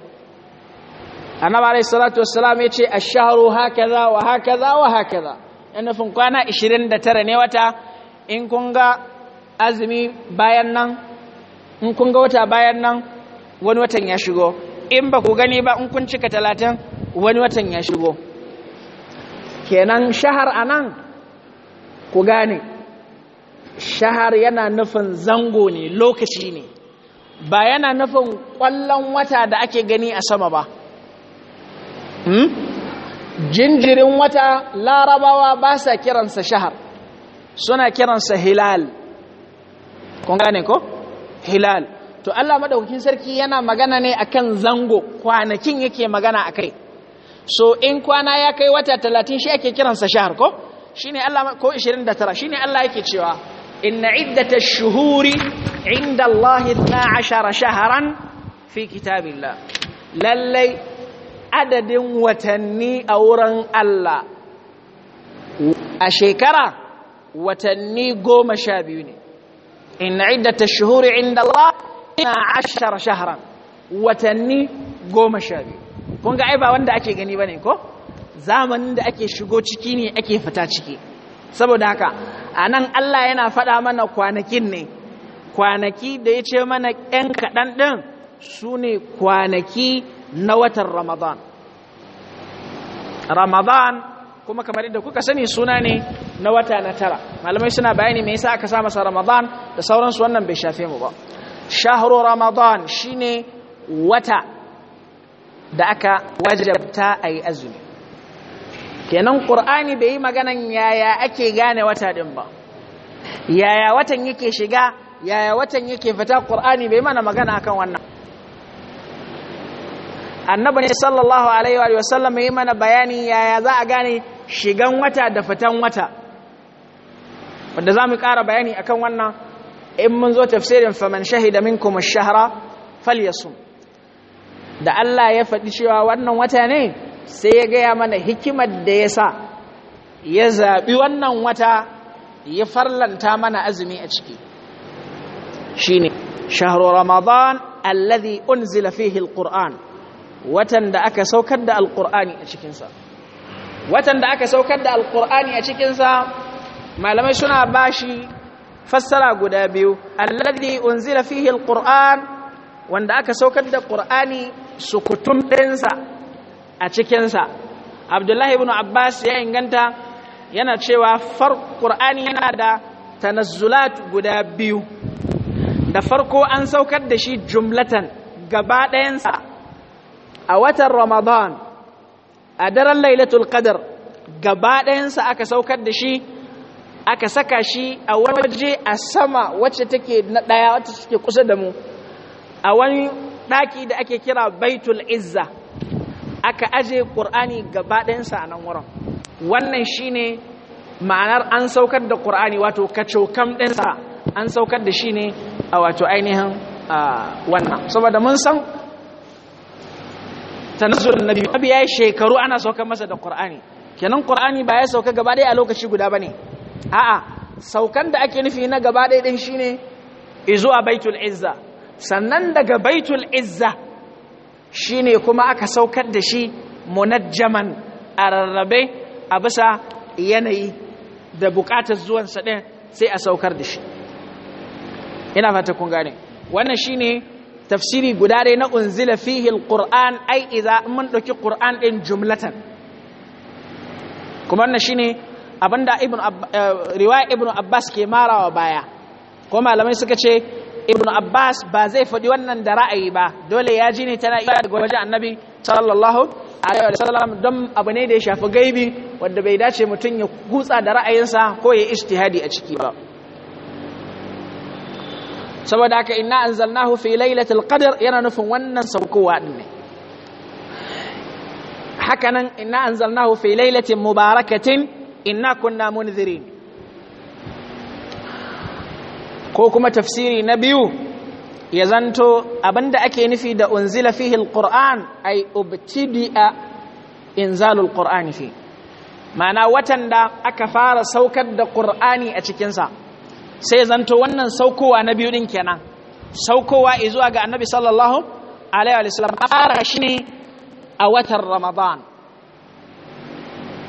[SPEAKER 1] annabi alayhi salatu wassalam ya ce ash-shahru hakaza wa hakaza wa hakaza in nufin kwana 29 ne wata in kun ga azumi bayan nan in kun ga wata bayan nan wani watan ya shigo in ba ku gani ba in kun cika 30 wani watan ya shigo kenan shahar anan ku gane shahar yana nufin zango ne lokaci ne ba yana nufin ƙwallon wata da ake gani a sama ba Hmm? jinjirin wata larabawa ba sa kiransa shahar suna kiransa hilal kun gane ko hilal to Allah madaukakin sarki yana magana ne akan zango kwanakin yake magana akai so in kwana ya kai wata 30 shi ake kiransa shahar ko shine Allah ko 29 shine Allah yake cewa inna iddatash shuhuri inda Allah 12 shahran fi kitabillah lallai adadin watanni a wurin Allah a shekara watanni goma sha biyu ne in iddata shuhuri inda Allah ina ashara shaharan watanni goma sha biyu kun ga aiba wanda ake gani ba ne ko zamanin da ake shigo ciki ne ake fita ciki saboda haka a nan Allah yana faɗa mana kwanakin ne kwanaki da ya ce mana ‘yan kaɗan ɗin su ne kwanaki na watan ramadan ramadan kuma kamar yadda kuka sani suna ne na wata na tara malamai suna bayani me yasa aka sa masa ramadan da sauransu wannan bai shafe mu ba shahru ramadan shine wata da aka wajabta a yi azumi kenan ƙur'ani bai yi maganan yaya ake gane wata ɗin ba yaya watan yake shiga yaya watan yake fita ƙur'ani bai mana magana akan wannan annabi ne sallallahu alaihi wa sallam yi mana bayani yaya za a gane shigan wata da fitan wata wanda za mu ƙara bayani akan wannan in mun zo tafsirin faman shahida minkum ash-shahra falyasum da Allah ya faɗi cewa wannan wata ne sai ya gaya mana hikimar da ya sa ya zaɓi wannan wata ya farlanta mana azumi a ciki shine shahru ramadan alladhi unzila fihi ƙuran watan da aka saukar da Alƙur'ani a cikinsa watan da aka saukar da a cikinsa malamai suna bashi fassara guda biyu alladhi unzila fihi wanda aka saukar da qur'ani sukutun ɗinsa a cikinsa abdullahi ibn abbas ya inganta yana cewa far qur'ani yana da tanazzulat guda biyu da farko an saukar da shi jumlatan gaba ɗayansa a watan ramadan a daren lailatul qadr gaba ɗayansa aka saukar da shi aka saka shi a waje a sama wacce take na ɗaya wacce take kusa da mu a wani ɗaki da ake kira baitul izza aka aje ƙur'ani gaba ɗayansa a nan wurin wannan shine ma'anar an saukar da ƙur'ani wato kam ɗinsa an saukar da shi ne a wato ainihin wannan saboda mun san tanazzulun nabi abi yayi shekaru ana saukar masa da qur'ani kenan qur'ani ba ya sauka gaba ɗaya a lokaci guda bane a'a saukan da ake nufi na gaba ɗin din shine izuwa baitul izza sannan daga baitul izza shine kuma aka saukar da shi munajjaman a rarrabe a bisa yanayi da bukatar zuwansa ɗin sai a saukar da shi ina fata kun gane wannan shine tafsiri guda dai na unzila fihi alquran ai idza mun dauki qur'an din jumlatan kuma wannan shine abinda ibn eh, riwaya ibn abbas ke marawa baya ko malamai suka ce ibn abbas ba zai faɗi wannan da ra'ayi ba dole ya ji ne tana iya daga wajen annabi sallallahu alaihi wa sallam don abu ne da ya shafi gaibi wanda bai dace mutum ya kutsa da ra'ayinsa ko ya ijtihadi a ciki ba saboda haka inna anzalnahu fi lailatul qadr yana nufin wannan saukowa hakanan ne haka nan inna anzalnahu fi lailatin mubarakatin inna kunna munzirin ko kuma tafsiri na biyu ya zanto abinda ake nufi da unzila fihi alquran ay ubtidia inzalul qur'ani fi ma'ana watan da aka fara saukar da qur'ani a cikinsa sai zanto wannan saukowa na biyu din kenan saukowa zuwa ga annabi sallallahu alaihi wasallam fara shi ne a watan ramadan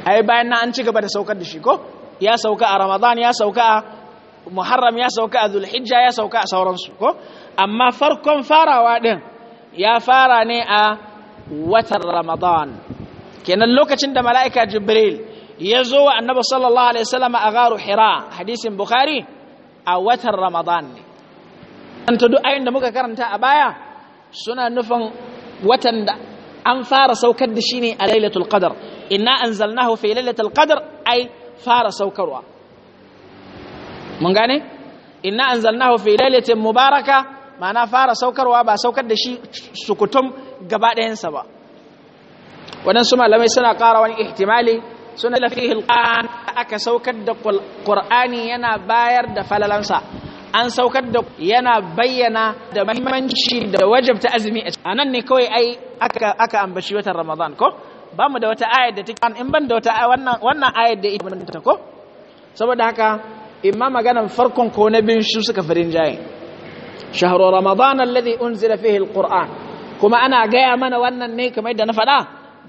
[SPEAKER 1] ai bayan na an ci gaba da saukar da shi ko ya sauka a ramadan ya sauka a muharram ya sauka a zulhijja ya sauka a sauransu ko amma farkon farawa din ya fara ne a watan ramadan kenan lokacin da mala'ika jibril ya zo wa annabi sallallahu alaihi wasallam a garu hira hadisin bukhari a watan ramadan ne ta duk ayin da muka karanta a baya suna nufin watan da an fara saukar da shi ne a lailatul qadar inna anzalnahu fi lailatul qadar ai fara saukarwa mun gane inna anzalnahu fi lailatin mubaraka ma'ana fara saukarwa ba saukar da shi sukutum gaba ɗayansa ba waɗansu malamai suna ƙara wani ihtimali suna lafihi alquran aka saukar da ƙur'ani yana bayar da falalansa an saukar da yana bayyana da muhimmanci da wajabta azumi a nan ne kawai ai aka ambaci watan ramadan ko ba mu da wata ayar da take in ban da wata wannan wannan ayar da ita ko saboda haka imma maganan farkon ko na bin shi suka farin jaye shahru ramadan alladhi unzila fihi alquran kuma ana gaya mana wannan ne kamar da na faɗa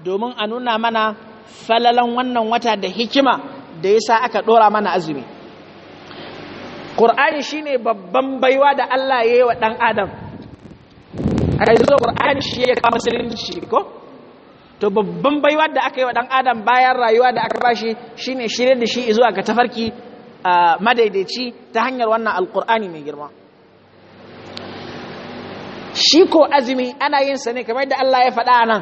[SPEAKER 1] domin a nuna mana falalan wannan wata da hikima da yasa aka dora mana azumi Qur'ani shine babban baiwa da Allah ya yi wa dan Adam Ai yi Qur'ani shi ya kama musulunci ko to babban baiwa da aka yi wa dan Adam bayan rayuwa da aka bashi shine shirye da shi zuwa ga tafarki madaidaici ta hanyar wannan alqur'ani mai girma shi ko azumi ana yin sa ne kamar da Allah ya faɗa nan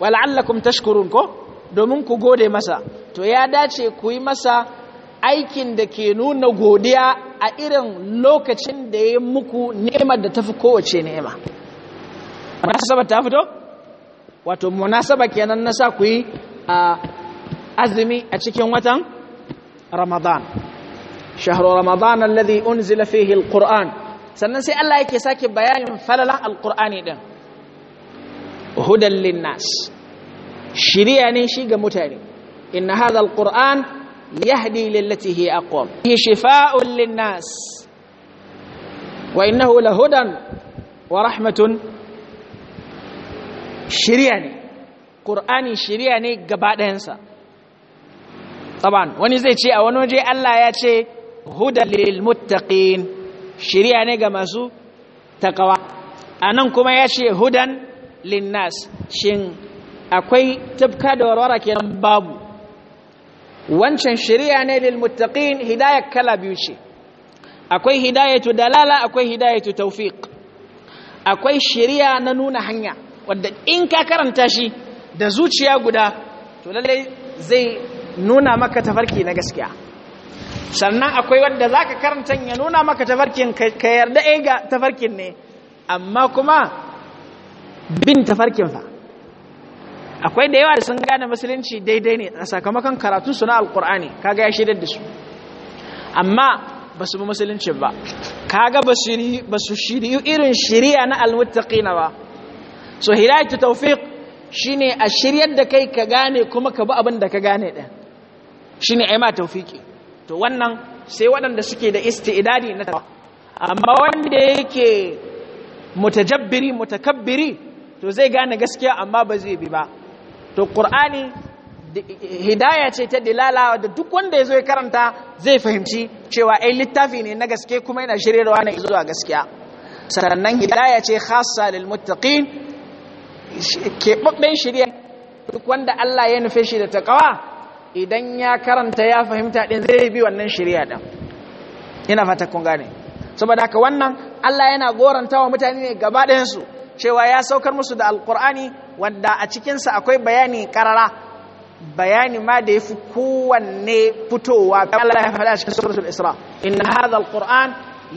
[SPEAKER 1] wala'allakum tashkurun ko domin ku gode masa to ya dace ku yi masa aikin da ke nuna godiya a irin lokacin da ya muku nema da ta fi kowace nema munasaba ta fito wato munasaba kenan na sa ku yi azumi a cikin watan ramadan shahru ramadan alladhi unzila fihi alquran sannan sai Allah yake sake bayanin falalan alqur'ani din hudan linnas shiriya ne shi ga mutane inna hadha alquran yahdi lillati hi aqwam hi shifaa'un linnas wa innahu lahudan wa rahmatun shiriya ne qur'ani shiriya ne gaba ɗayansa taban wani zai ce a wani waje Allah ya ce hudan lil muttaqin shiriya ne ga masu takawa anan kuma ya ce hudan linnas shin akwai tafka da warwara kenan babu wancan shari'a ne lil muttaqin hidayar kala biyu ce akwai hidayatu dalala akwai hidayatu tawfiq akwai shari'a na nuna hanya wadda in ka karanta shi da zuciya guda to lalle zai nuna maka tafarki na gaskiya sannan akwai wadda zaka karanta ya nuna maka tafarkin ka yarda eh ga tafarkin ne amma kuma bin tafarkin fa akwai da yawa da sun gane musulunci daidai ne a sakamakon karatun su na alkur'ani kaga ya shaidar da su amma ba su bi musulunci ba kaga ba su shiriyu irin shiriya na almuttaqina ba so hidayatu tawfiq shine a shiryar da kai ka gane kuma ka bi abin da ka gane din shine ai ma tawfiki to wannan sai waɗanda suke da isti'dadi na tawa amma wanda yake mutajabbiri mutakabbiri to zai gane gaskiya amma ba zai bi ba to qur'ani hidaya ce ta dilala da duk wanda ya zo ya karanta zai fahimci cewa ai littafi ne na gaske kuma yana shiryarwa na zuwa gaskiya sannan hidaya ce khassa lil muttaqin babban shirye duk wanda Allah ya nufe shi da takawa idan ya karanta ya fahimta din zai bi wannan shirya din ina fata kun gane saboda haka wannan Allah yana gorantawa mutane ne gaba ɗayan su cewa ya saukar musu da alqur'ani wanda a cikinsa akwai bayani karara bayani ma da ya fi kowanne fitowa Allah ya faɗa cikin suratul Isra inna hadha alquran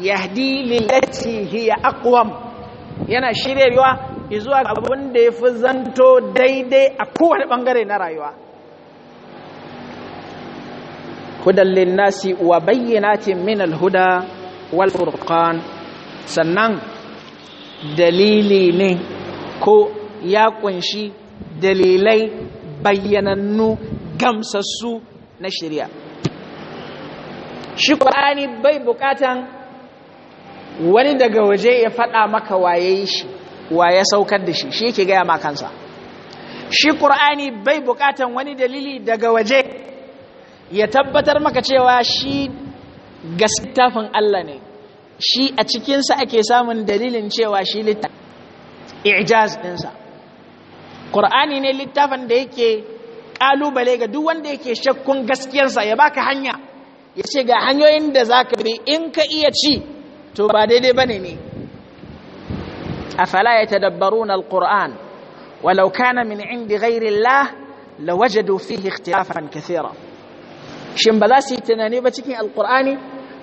[SPEAKER 1] yahdi lillati hiya aqwam yana shiryarwa zuwa abin da ya fi zanto daidai a kowane bangare na rayuwa hudan linnasi wa bayyinatin min alhuda wal furqan sannan dalili ne ko ya kunshi dalilai bayyanannu gamsassu na shirya shi ƙwa'ani bai buƙatan wani daga waje ya faɗa maka waye shi waye saukar da shi shi ke gaya makansa shi ƙur'ani bai buƙatan wani dalili daga waje ya tabbatar maka cewa shi gaskitafin Allah ne shi a cikinsa ake samun dalilin cewa shi littafin ijaz ɗinsa qur'ani ne littafin da yake kalubale ga duk wanda yake shakkun gaskiyarsa ya baka hanya ya ce ga hanyoyin da za ka bi in ka iya ci to ba daidai ba ne ne afala ya tadabbaru na alƙur'an walau kana min indi ghairillah la wajadu fihi ikhtilafan kathira shin ba za su yi tunani ba cikin alƙur'ani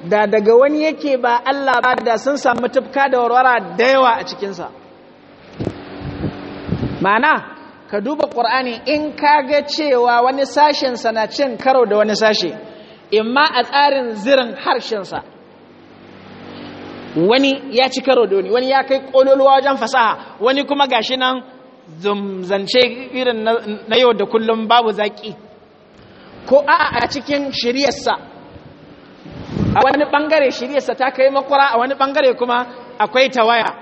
[SPEAKER 1] da daga wani yake ba Allah ba da sun samu tufka da warwara da yawa a cikinsa ma'ana ka duba ƙur'ani in ka ga cewa wani sashensa na cin karo da wani sashe imma a tsarin zirin harshensa wani ya ci karo da wani ya kai ƙololuwa wajen fasaha wani kuma gashi nan zance irin na yau da kullum babu zaƙi ko a a cikin shiryarsa a wani ɓangare shiryarsa ta kai makwara a wani ɓangare kuma akwai tawaya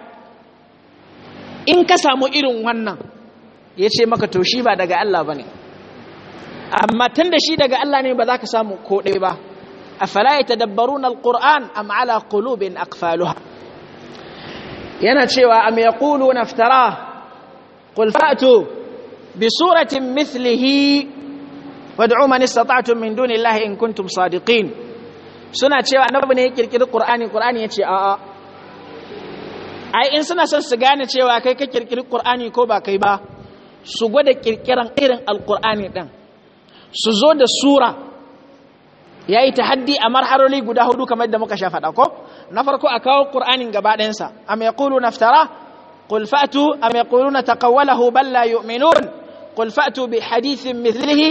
[SPEAKER 1] in ka samu irin wannan ya ce maka to shi ba daga Allah ba ne amma tun da shi daga Allah ne ba za ka samu ko ɗaya ba afala yatadabbaruna alquran a ala qulubin aqfaluha yana cewa am yaquluna iftara qul fa'tu bi suratin mislihi wad'u man min dunillahi in kuntum sadiqin suna cewa annabi ne ya kirkiri qur'ani ya ce a'a ai in suna son su gane cewa kai ka kirkiri ƙur'ani ko ba kai ba su gwada kirkiran irin alkur'ani ɗin su zo da sura ya yi tahaddi a marharoli guda hudu kamar da muka sha faɗa ko na farko a kawo ƙur'anin gaba ɗayansa am yaqulu naftara قل فأتوا أم يقولون تقوله بل لا يؤمنون قل فأتوا بحديث مثله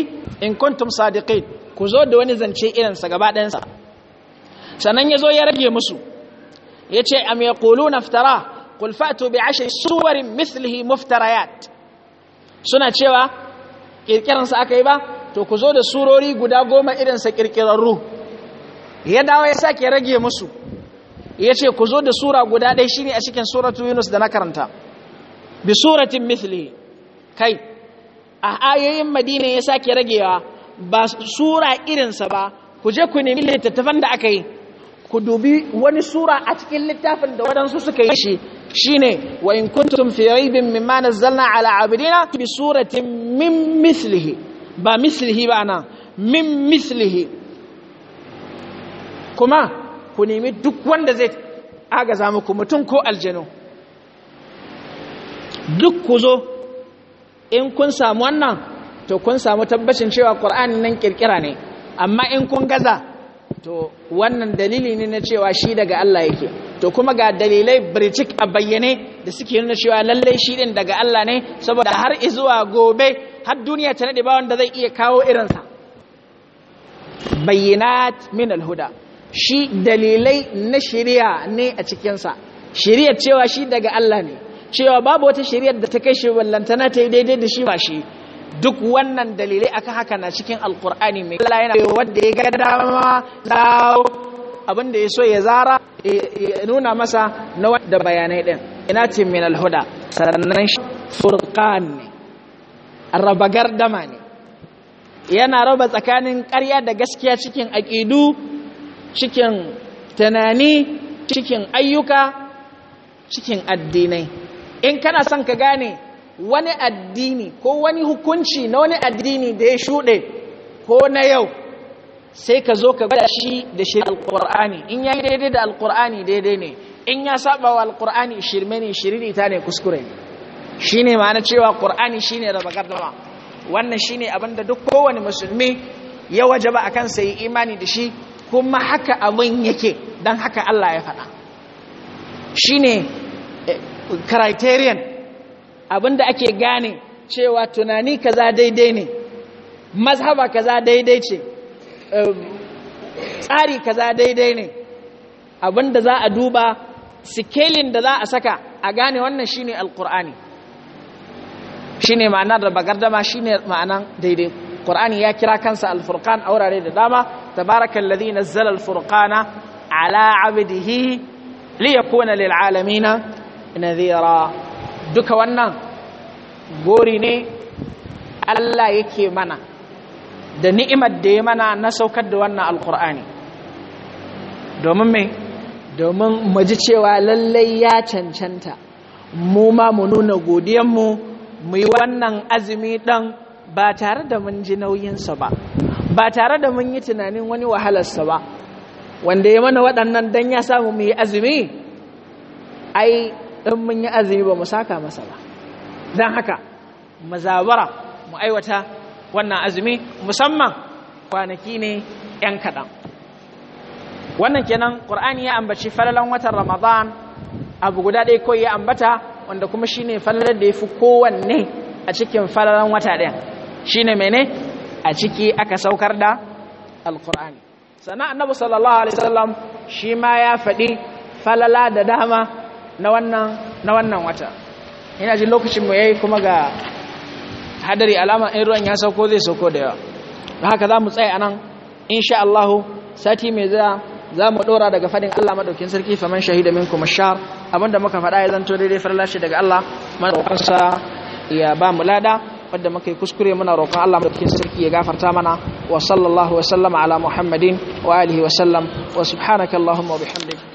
[SPEAKER 1] in كنتم صادقين ku zo da wani zance irinsa gaba ɗayansa sannan ya zo ya rage musu ya ce am ya ƙulu naftara ƙulfatu bi ashe suwarin mislihi muftarayat suna cewa ƙirƙiransa aka yi ba to ku zo da surori guda goma irinsa ƙirƙirarru ya dawo ya sake rage musu ya ce ku zo da sura guda ɗaya shine a cikin suratu yunus da na karanta bi suratin misli kai a ayoyin madina ya sake ragewa ba sura irinsa ba ku je ku nemi littattafan da aka yi ku dubi wani sura a cikin littafin da wadansu suka yi shi shine wa in kuntum fi raibin mimma nazzalna ala abidina bi suratin min mislihi ba mislihi ba na min mislihi kuma ku nemi duk wanda zai agaza muku mutum ko aljanu duk ku zo in kun samu wannan to kun samu tabbacin cewa ƙur'ani nan ƙirƙira ne amma in kun gaza to wannan dalili ne na cewa shi daga Allah yake to kuma ga dalilai birjik a bayyane da suke nuna cewa lallai shi din daga Allah ne saboda har izuwa gobe har duniya ta nade ba wanda zai iya kawo irinsa bayyinat min alhuda shi dalilai na shari'a ne a cikinsa shari'a cewa shi daga Allah ne cewa babu wata shari'a da ta kai shi wallantana ta yi daidai da shi ba shi duk wannan dalilai akan haka na cikin alkur'ani mai Allah yana wadda ya ga dama abin da ya so ya zara nuna masa na wadda bayanai din ina ce min alhuda sannan furqan ne raba gardama ne yana raba tsakanin ƙarya da gaskiya cikin akidu cikin tunani cikin ayyuka cikin addinai in kana son ka gane wani addini ko wani hukunci na wani addini da ya shuɗe ko na yau sai ka zo ka gwada shi da shirya alƙur'ani in ya yi daidai da alƙur'ani daidai ne in ya saba wa alƙur'ani shirme ne shirin ita ne kuskure shi ne ma'ana cewa ƙur'ani shi ne raba gardama wannan shi ne abinda duk kowane musulmi ya waje ba a kan yi imani da shi kuma haka abin yake don haka Allah ya faɗa shi ne eh, criterion abinda ake gane cewa tunani kaza daidai ne mazhaba kaza daidai ce um, tsari kaza daidai ne abinda za a duba sikelin da za a saka a gane wannan shine alqur'ani shine ma'anar da bagardama shine ma'anar daidai qur'ani ya kira kansa alfurqan a wurare da dama tabarakallazi nazzala alfurqana ala abdihi liyakuna lil'alamina nadhira duka wannan gori ne Allah yake mana da ni'imar da ya mana na saukar da wannan alkur'ani domin mai domin ji cewa lallai ya cancanta mu ma mu nuna godiyanmu mu yi wannan azumi ɗan ba tare da mun ji nauyinsa ba ba tare da mun yi tunanin wani wahalarsa ba wanda ya mana waɗannan don ya samu mu yi azumi ai in mun yi azumi ba mu saka masa ba don haka mazabara mu aiwata wannan azumi musamman kwanaki ne ‘yan kaɗan wannan kenan ƙur'ani ya ambaci falalan watan ramadan abu guda ɗaya ko ya ambata wanda kuma shi ne falalan da ya fi kowanne a cikin falalan wata ɗaya shine mene a ciki aka saukar da alƙur'ani sannan annabu sallallahu alaihi wasallam shi ma ya faɗi falala da dama na wannan wata ina jin lokacin mu yayi kuma ga hadari alama in ruwan ya sauko zai sauko da yawa don haka za mu tsaye a nan insha Allah sati mai za za mu dora daga fadin Allah madaukin sarki faman shahida minkum abin abinda muka faɗa ya zanto daidai farlashi daga Allah mana roƙonsa ya ba mu lada wanda muka yi kuskure muna roƙon Allah madaukin sarki ya gafarta mana wa sallallahu wa sallama ala muhammadin wa alihi wa sallam wa subhanaka allahumma wa bihamdika